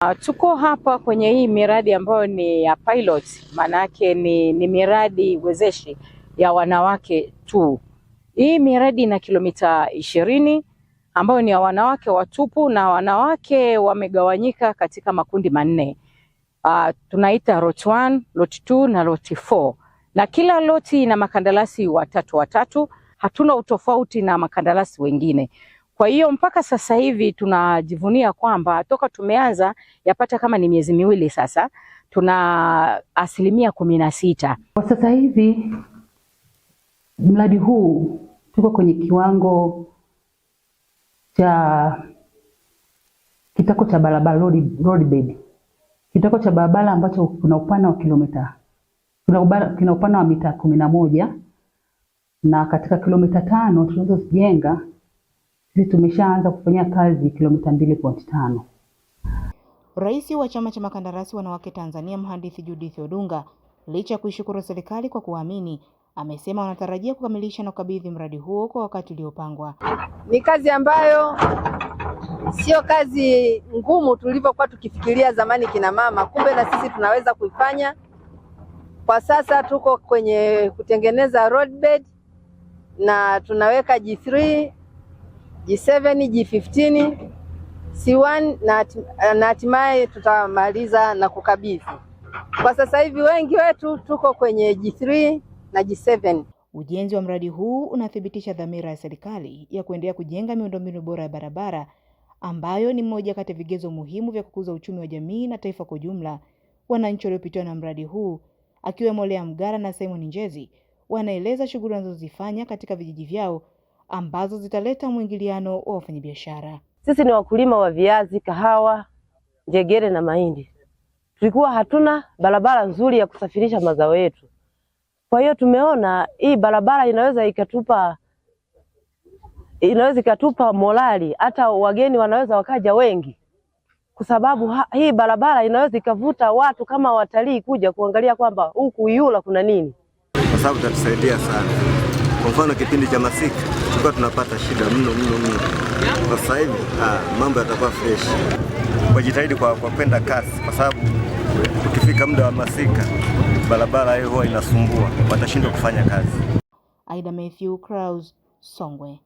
Ah, tuko hapa kwenye hii miradi ambayo ni ya pilot, maanake ni, ni miradi wezeshi ya wanawake tu. Hii miradi ina kilomita ishirini ambayo ni ya wanawake watupu na wanawake wamegawanyika katika makundi manne. Uh, tunaita lot 1, lot 2 na lot 4, na kila loti ina makandarasi watatu watatu. Hatuna utofauti na makandarasi wengine. Kwa hiyo mpaka sasa hivi tunajivunia kwamba toka tumeanza yapata kama ni miezi miwili sasa, tuna asilimia kumi na sita kwa sasa hivi. Mradi huu tuko kwenye kiwango cha kitako cha barabara road, road bed. Kitako cha barabara ambacho kuna upana wa kilomita kina upana wa mita kumi na moja na katika kilomita tano tunazozijenga sisi tumeshaanza kufanya kazi kilomita mbili pointi tano. Rais wa Chama cha Makandarasi Wanawake Tanzania Mhandisi Judith Odunga licha ya kuishukuru serikali kwa kuamini, amesema wanatarajia kukamilisha na kukabidhi mradi huo kwa wakati uliopangwa. Ni kazi ambayo sio kazi ngumu tulivyokuwa tukifikiria zamani kina mama, kumbe na sisi tunaweza kuifanya. Kwa sasa tuko kwenye kutengeneza roadbed na tunaweka G3 G7, G15, C1 na hatimaye tutamaliza na kukabidhi. Kwa sasa hivi wengi wetu tuko kwenye G3 na G7. Ujenzi wa mradi huu unathibitisha dhamira ya serikali ya kuendelea kujenga miundombinu bora ya barabara ambayo ni moja kati ya vigezo muhimu vya kukuza uchumi wa jamii na taifa kwa ujumla. Wananchi waliopitiwa na mradi huu akiwemo Lea Mgara na Simon Njezi wanaeleza shughuli wanazozifanya katika vijiji vyao ambazo zitaleta mwingiliano wa wafanyabiashara. Sisi ni wakulima wa viazi, kahawa, njegere na mahindi. Tulikuwa hatuna barabara nzuri ya kusafirisha mazao yetu, kwa hiyo tumeona hii barabara inaweza ikatupa inaweza ikatupa morali, hata wageni wanaweza wakaja wengi, kwa sababu hii barabara inaweza ikavuta watu kama watalii kuja kuangalia kwamba huku Iyula kuna nini, kwa sababu tatusaidia sana. Kwa mfano kipindi cha masika tulikuwa tunapata shida mno mno mno. Sasa hivi ah, mambo yatakuwa fresh. Wajitahidi kwa, kwa kwenda kasi, kwa sababu ukifika muda wa masika barabara hiyo huwa inasumbua, watashindwa kufanya kazi. Aida Mathew, Clouds, Songwe.